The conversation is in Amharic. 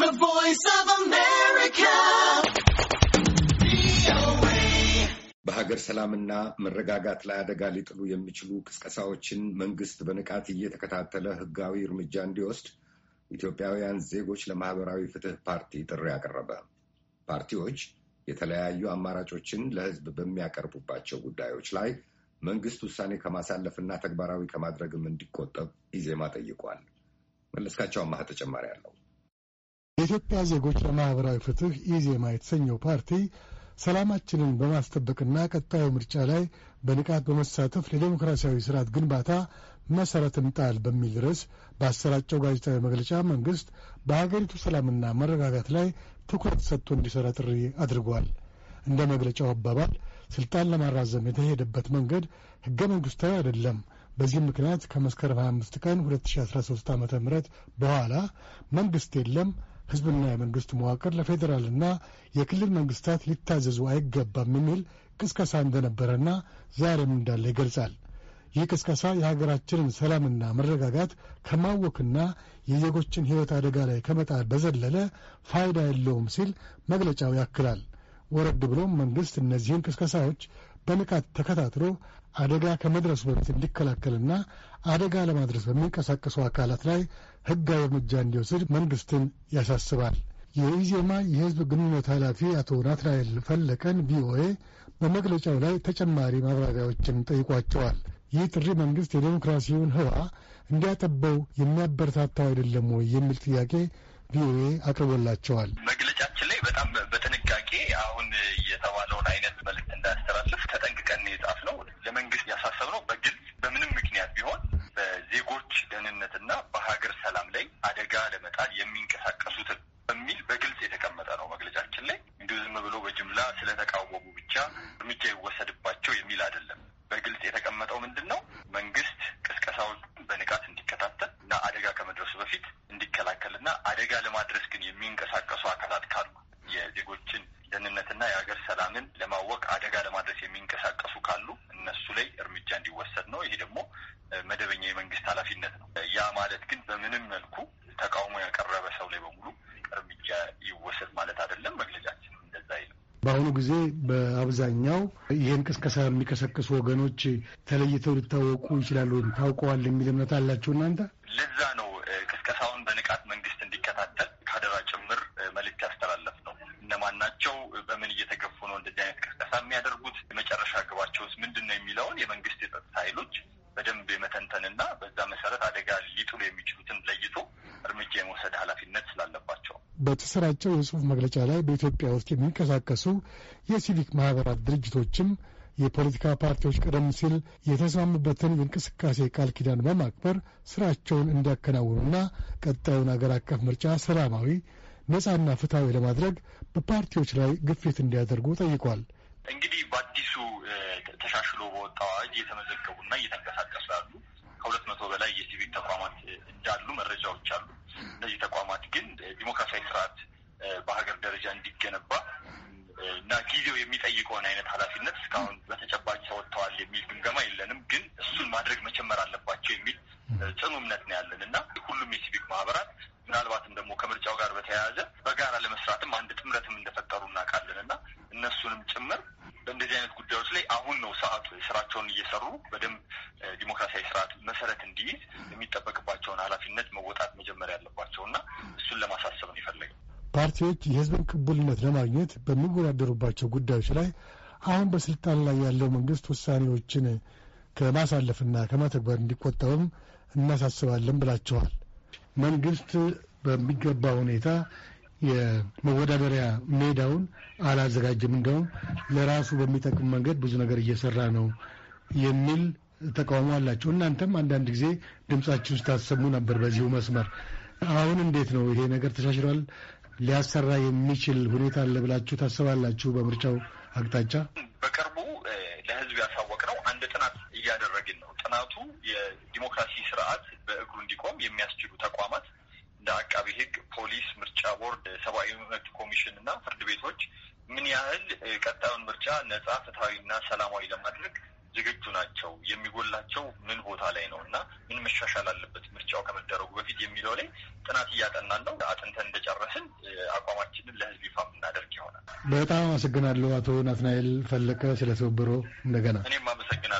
The Voice of America. በሀገር ሰላምና መረጋጋት ላይ አደጋ ሊጥሉ የሚችሉ ቅስቀሳዎችን መንግስት በንቃት እየተከታተለ ህጋዊ እርምጃ እንዲወስድ ኢትዮጵያውያን ዜጎች ለማህበራዊ ፍትህ ፓርቲ ጥሪ አቀረበ። ፓርቲዎች የተለያዩ አማራጮችን ለህዝብ በሚያቀርቡባቸው ጉዳዮች ላይ መንግስት ውሳኔ ከማሳለፍና ተግባራዊ ከማድረግም እንዲቆጠብ ኢዜማ ጠይቋል። መለስካቸው አማሃ ተጨማሪ አለው። የኢትዮጵያ ዜጎች ለማኅበራዊ ፍትሕ ኢዜማ የተሰኘው ፓርቲ ሰላማችንን በማስጠበቅና ቀጣዩ ምርጫ ላይ በንቃት በመሳተፍ ለዴሞክራሲያዊ ስርዓት ግንባታ መሠረት ጣል በሚል ርዕስ በአሰራጨው ጋዜጣዊ መግለጫ መንግሥት በሀገሪቱ ሰላምና መረጋጋት ላይ ትኩረት ሰጥቶ እንዲሠራ ጥሪ አድርጓል። እንደ መግለጫው አባባል ስልጣን ለማራዘም የተሄደበት መንገድ ሕገ መንግሥታዊ አይደለም። በዚህም ምክንያት ከመስከረም 25 ቀን 2013 ዓ ም በኋላ መንግሥት የለም ህዝብና የመንግስት መዋቅር ለፌዴራልና የክልል መንግስታት ሊታዘዙ አይገባም የሚል ቅስቀሳ እንደነበረና ዛሬም እንዳለ ይገልጻል። ይህ ቅስቀሳ የሀገራችንን ሰላምና መረጋጋት ከማወክና የዜጎችን ሕይወት አደጋ ላይ ከመጣል በዘለለ ፋይዳ የለውም ሲል መግለጫው ያክላል። ወረድ ብሎም መንግሥት እነዚህን ቅስቀሳዎች በንቃት ተከታትሎ አደጋ ከመድረሱ በፊት እንዲከላከልና አደጋ ለማድረስ በሚንቀሳቀሱ አካላት ላይ ሕጋዊ እርምጃ እንዲወስድ መንግስትን ያሳስባል። የኢዜማ የህዝብ ግንኙነት ኃላፊ አቶ ናትናኤል ፈለቀን ቪኦኤ በመግለጫው ላይ ተጨማሪ ማብራሪያዎችን ጠይቋቸዋል። ይህ ጥሪ መንግስት የዴሞክራሲውን ህዋ እንዲያጠበው የሚያበረታታው አይደለም ወይ የሚል ጥያቄ ቪኦኤ አቅርቦላቸዋል። በጣም በጥንቃቄ አሁን የተባለውን አይነት መልዕክት እንዳያስተላልፍ ተጠንቅቀን የጻፍ ነው። ለመንግስት ያሳሰብ ነው። በግልጽ በምንም ምክንያት ቢሆን በዜጎች ደህንነትና በሀገር ሰላም ላይ አደጋ ለመጣል የሚንቀሳቀሱትን በሚል በግልጽ የተቀመጠ ነው መግለጫችን ላይ። እንዲሁ ዝም ብሎ በጅምላ ስለተቃወሙ ብቻ እርምጃ ይወሰድባቸው የሚል አይደለም። በግልጽ የተቀመጠው ምንድን ነው? መንግስት ቅስቀሳዎቹን በንቃት እንዲከታተል እና አደጋ ከመድረሱ በፊት እንዲከላከልና አደጋ ለማድረስ ግን የሚንቀሳቀሱ አካላት አደጋ ለማድረስ የሚንቀሳቀሱ ካሉ እነሱ ላይ እርምጃ እንዲወሰድ ነው። ይሄ ደግሞ መደበኛ የመንግስት ኃላፊነት ነው። ያ ማለት ግን በምንም መልኩ ተቃውሞ ያቀረበ ሰው ላይ በሙሉ እርምጃ ይወሰድ ማለት አይደለም። መግለጫችን እንደዛ አይልም። በአሁኑ ጊዜ በአብዛኛው ይህን ቅስቀሳ የሚቀሰቅሱ ወገኖች ተለይተው ሊታወቁ ይችላሉ፣ ታውቀዋል የሚል እምነት አላችሁ እናንተ? ለዛ ነው ቅስቀሳውን በንቃት መንግስት እንዲከታተል ካደራ ጭምር መልእክት ያስተላለፍ እነማን ናቸው? በምን እየተገፉ ነው እንደዚህ አይነት ቅስቀሳ የሚያደርጉት? የመጨረሻ ግባቸውስ ምንድን ነው የሚለውን የመንግስት የጸጥታ ኃይሎች በደንብ የመተንተንና በዛ መሰረት አደጋ ሊጥሉ የሚችሉትን ለይቶ እርምጃ የመውሰድ ኃላፊነት ስላለባቸው በተሰራጨው የጽሁፍ መግለጫ ላይ በኢትዮጵያ ውስጥ የሚንቀሳቀሱ የሲቪክ ማህበራት ድርጅቶችም የፖለቲካ ፓርቲዎች ቀደም ሲል የተስማሙበትን የእንቅስቃሴ ቃል ኪዳን በማክበር ስራቸውን እንዲያከናውኑና ቀጣዩን አገር አቀፍ ምርጫ ሰላማዊ ነጻና ፍትሐዊ ለማድረግ በፓርቲዎች ላይ ግፊት እንዲያደርጉ ጠይቋል። እንግዲህ በአዲሱ ተሻሽሎ በወጣው አዋጅ እየተመዘገቡና እየተንቀሳቀሱ ያሉ ከሁለት መቶ በላይ የሲቪክ ተቋማት እንዳሉ መረጃዎች አሉ። እነዚህ ተቋማት ግን ዲሞክራሲያዊ ስርዓት በሀገር ደረጃ እንዲገነባ እና ጊዜው የሚጠይቀውን አይነት ኃላፊነት እስካሁን በተጨባጭ ተወጥተዋል የሚል ግምገማ የለንም። ግን እሱን ማድረግ መጀመር አለባቸው የሚል ጽኑ እምነት ነው ያለን እና ሁሉም የሲቪክ ማህበራት ምናልባትም ደግሞ ከምርጫው ጋር በተያያዘ በጋራ ለመስራትም አንድ ጥምረትም እንደፈጠሩ እናውቃለን እና እነሱንም ጭምር በእንደዚህ አይነት ጉዳዮች ላይ አሁን ነው ሰዓቱ። ስራቸውን እየሰሩ በደንብ ዲሞክራሲያዊ ስርዓት መሰረት እንዲይዝ የሚጠበቅባቸውን ኃላፊነት መወጣት መጀመሪያ ያለባቸው እና እሱን ለማሳሰብ ነው የፈለገው። ፓርቲዎች የህዝብን ቅቡልነት ለማግኘት በሚወዳደሩባቸው ጉዳዮች ላይ አሁን በስልጣን ላይ ያለው መንግስት ውሳኔዎችን ከማሳለፍና ከመተግበር እንዲቆጠብም እናሳስባለን ብላቸዋል። መንግስት በሚገባ ሁኔታ የመወዳደሪያ ሜዳውን አላዘጋጀም። እንደውም ለራሱ በሚጠቅም መንገድ ብዙ ነገር እየሰራ ነው የሚል ተቃውሞ አላቸው። እናንተም አንዳንድ ጊዜ ድምጻችሁን ስታሰሙ ነበር በዚሁ መስመር። አሁን እንዴት ነው ይሄ ነገር ተሻሽሏል? ሊያሰራ የሚችል ሁኔታ አለ ብላችሁ ታስባላችሁ? በምርጫው አቅጣጫ በቅርቡ ለህዝብ ያሳወቅ ነው። አንድ ጥናት እያደረግን ነው። ጥናቱ የዲሞክራሲ ስርዓት በእግሩ እንዲቆም የሚያስችሉ ተቋማት እንደ አቃቢ ህግ፣ ፖሊስ፣ ምርጫ ቦርድ፣ ሰብአዊ መብት ኮሚሽን እና ፍርድ ቤቶች ምን ያህል ቀጣዩን ምርጫ ነጻ ፍትሐዊና ሰላማዊ ለማድረግ ዝግጁ ናቸው፣ የሚጎላቸው ምን ቦታ ላይ ነው እና ምን መሻሻል አለበት ምርጫው ከመደረጉ በፊት የሚለው ላይ ጥናት እያጠናን ነው። አጥንተን እንደጨረስን አቋማችንን ለህዝብ ይፋ በጣም አመሰግናለሁ አቶ ናትናኤል ፈለቀ ስለተወበሮ እንደገና እኔም አመሰግናለሁ።